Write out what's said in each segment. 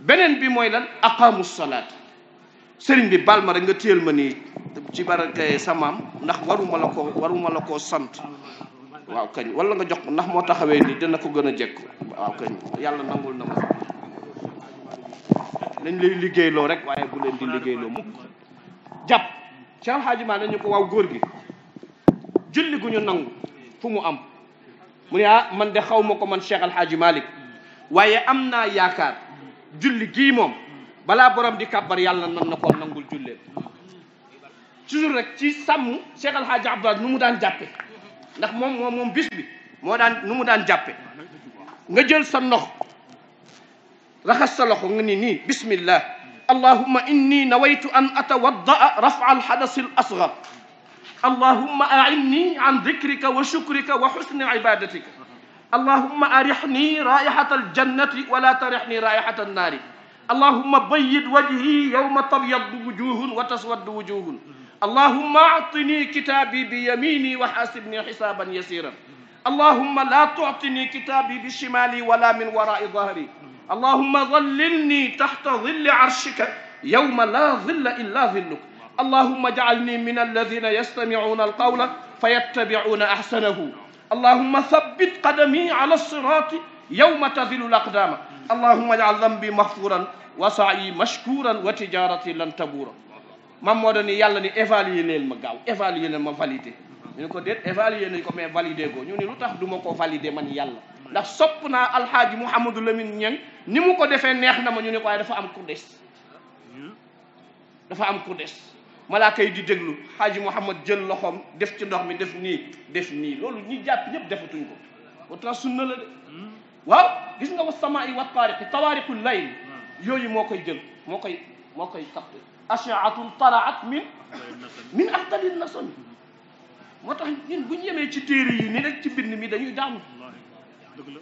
beneen bi mooy lan aqaamu salaat sëriñ bi baal ma rek nga téyel ma nii ci barke samaam ndax waruma la koo waruma la koo sant waaw kañ wala nga jox ndax moo taxawee nii dina ko gën a jekk waaw kañ yàlla nangul na ma nañ lay liggéeyloo rek waaye bu leen di liggéeyloo jàpp ci alxaaji maa ko waaw góor gi julli gu ñu nangu fu mu am mu ne ah man de xaw ma ko man Cheikh Alxaaji Malick waaye am naa yaakaar julli gii moom balaa borom di kàbbar yàlla nan na koo nangul julleem toujours rek ci sàmm Cheikh El Hadj Abdoulaye nu mu daan jàppe ndax moom moom moom bis bi moo daan nu mu daan jàppe nga jël sa ndox raxas sa loxo nga ni nii bismillah allahumma inni nawaytu an atawaddaa rafa alxadasi al asgar allahumma ainni an dikrika wa shukrika wa xusni ibadatika allahumma arixni raihata aljannati wala tarixni raihata annaari allahumma bayid wajhi yowma tabyaddu wujuhun wa taswaddu wujuhun allahumma actini kitaabi bi yamini wa xaasibni xisaaban yasiran allahumma la tuctini kitaabi bi shimali wala min warai dahri allahumma zallilni taxta zilli arshika yowma la zilla illa zilluk allahumma jacalni min alladina yastamicuuna alqawla fayattabicuuna axsanahu allahumma thabbit qadami ala sirati yawma tazilu laqdama allahumma jaal dambi mahfuran wa saayi mashkuran wa tijarati lan tabura mam moo doon ni yàlla ni évaluer leen ma gaaw évaluer leen ma validé ñu ne ko déet évaluer nañ ko mais validé ko ñu ne lu tax du ma ko validé man yàlla ndax sopp naa alhaaji mouhamadou lamine ñeng ni mu ko defee neex na ma ñu ne ko waaye dafa am ku des dafa am ku des malaaka yi di déglu xaaji Mouhamad jël loxoom def ci ndox mi def nii def nii loolu ñi jàpp ñëpp defatuñ ko pourtant sunna la de waaw gis nga wa samaa'i wa taariqi tawaariqu layl yooyu moo koy jël moo koy moo koy capté ashaatun talaat min min ahdalin nasami moo tax ñun bu ñu yemee ci téere yi nii rek ci bind mi dañuy daanu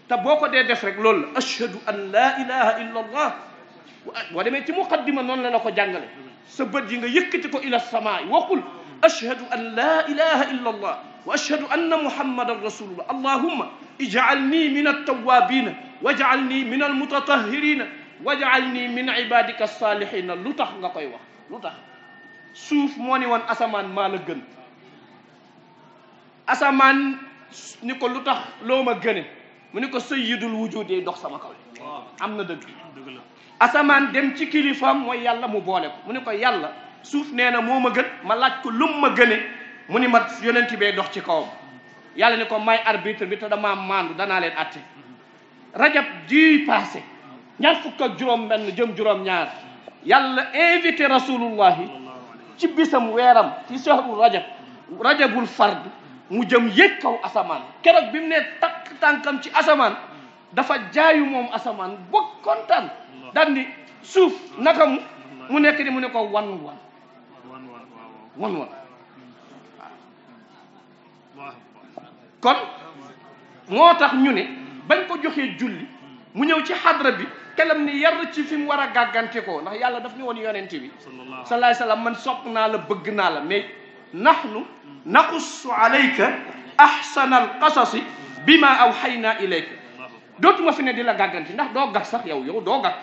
te boo ko dee def rek loolu la ashhadu an la ilaha illa allah boo demee ci muqaddima noonu la la ko jàngale sa bët yi nga yëkkati ko ila samaay waxul ashhadu an laa ilaha illa allah wa ashhadu anna muhammadan rasulullah allahumma ij'alni min at-tawwabina waj'alni min al-mutatahhirina waj'alni min ibadika as-salihina lu tax nga koy wax lu tax suuf moo ni woon asamaan maa la gën asamaan ni ko lu tax loo ma gëne mu ni ko sayyidul wujudi dox sama kaw am na dëgg asamaan dem ci kilifaam mooy yàlla mu boole mu ne ko yàlla suuf nee na moo ma gën ma laaj ko lum ma gëne mu ni ma yonent bee dox ci kawam yàlla ni ko may arbitre bi te damaa maandu danaa leen atte rajab ji passé ñaar fukk juróom benn jëm juróom ñaar yàlla invité rasulullahi ci bisam weeram ci soxru rajab rajabul fard mu jëm yéeg kaw asamaan keroog bi mu ne takk tànkam ci asamaan dafa jaayu moom asamaan ba kontaan dandi suuf naka mu mu nekk ni mu ne ko wan wan wan wan kon moo tax ñu ne bañ ko joxee julli mu ñëw ci xadra bi kelam ni yar ci fi mu war a gàggante ko ndax yàlla daf ñu woon yonent bi salaay salaam man sopp naa la bëgg naa la mais nahnu naqussu alayka ahsana alqasasi bima awxayna ilayka dootuma fi ne di la gàgganti ndax doo gàg sax yow yow doo gàg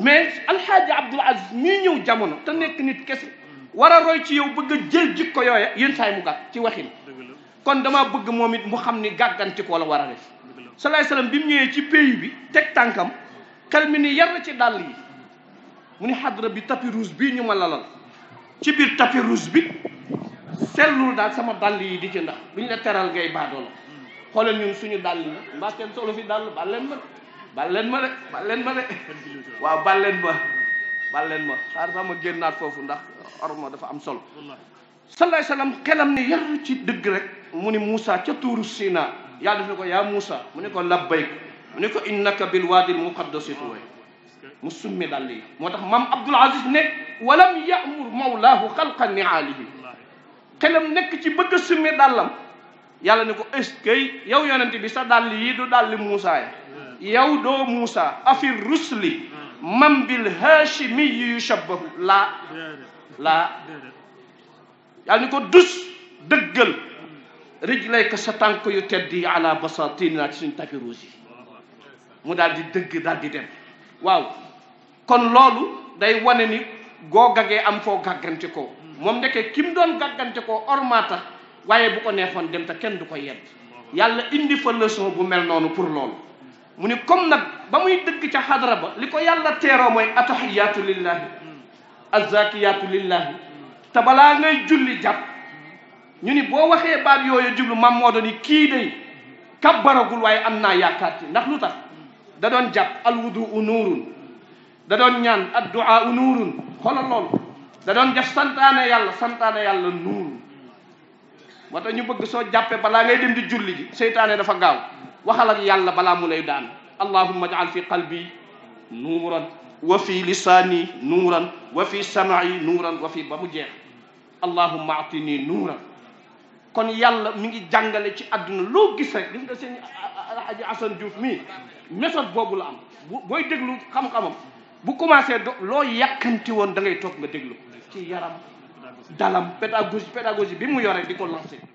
mais alxaaji abdul aziz mii ñëw jamono te nekk nit kese war a roy ci yow bëgg a jël jikko yooya yéen saay mu gàg ci waxin kon dama bëgg moom it mu xam ni gàgganti ko la war a def salaay salaam bi mu ñëwee ci pays bi teg tànkam xel mi ni yar ci dàll yi mu ni xadra bi tapis rouge bii ñu ma lalal ci biir tapis rouge bi sellul daal sama dàll yi di ci ndax bu ñu la teral ngay baadoo la xoolal ñun suñu dàll yi mbaa kenn solo fi dàll bal leen ma bal leen ma de bal leen ma de bal leen ma bal leen ma xaar sax ma ndax orma dafa am solo salaay salaam xelam ne ci dëgg rek mu ni Moussa ca tuuru Sina yàlla def ne ko yaa Moussa mu ne ko labbayk mu ne ko innaka bil waadil muqaddasi tuwa mu summi dàll yi moo tax maam Abdul Aziz ne walam yamur mawlaahu xalqa niaalihi xelam nekk ci bëgg a summi dàllam yàlla ne ko est kay yow yonent bi sa dàll yi du dàlli Muusa yi hmm. yow doo Muusa afi rusli hmm. man bil hashimi yu shabbahu laa laa yàlla ni ko dus dëggal rijlayka sa tànk yu tedd yi ala basatina ci suñ tapis rouge mu daal di dëgg daal dem waaw kon loolu day wane ni goo gaggee am foo gàggante ko hmm. moom ndeke kim doon gàggante ko ormata waaye bu ko neexoon dem te kenn du ko yedd yàlla indi fa bu mel noonu pour loolu mu ni comme nag ba muy dëkk ca xadara ba li ko yàlla teeroo mooy atahiyaatu lillahi azakiyaatu lillahi te balaa ngay julli jàpp ñu ni boo waxee baat yooyu jublu mam moo doon ni kii day kabbaragul waaye am naa yaakaar ci ndax lu tax da doon jàpp alwudu u nuurun da doon ñaan adduaa u nuurun xoolal da doon def santaane yàlla santaane yàlla nuurun moo tax ñu bëgg soo jàppee balaa ngay dem di julli ji seytaane dafa gaaw waxal yàlla balaa mu lay daan allahumma jaal fi qalbi nuuran wa fi lisaani nuuran wa fi samai nuuran wa fi ba mu jeex allahumma atini nuuran kon yàlla mu ngi jàngale ci àdduna loo gis rek gis nga seen alhaji Assane Diouf mii méthode boobu la am bu booy déglu xam-xamam bu commencé do loo yàkkanti woon da toog nga déglu ci yaram dalam pédagogie pédagogie bi mu yore di ko lancé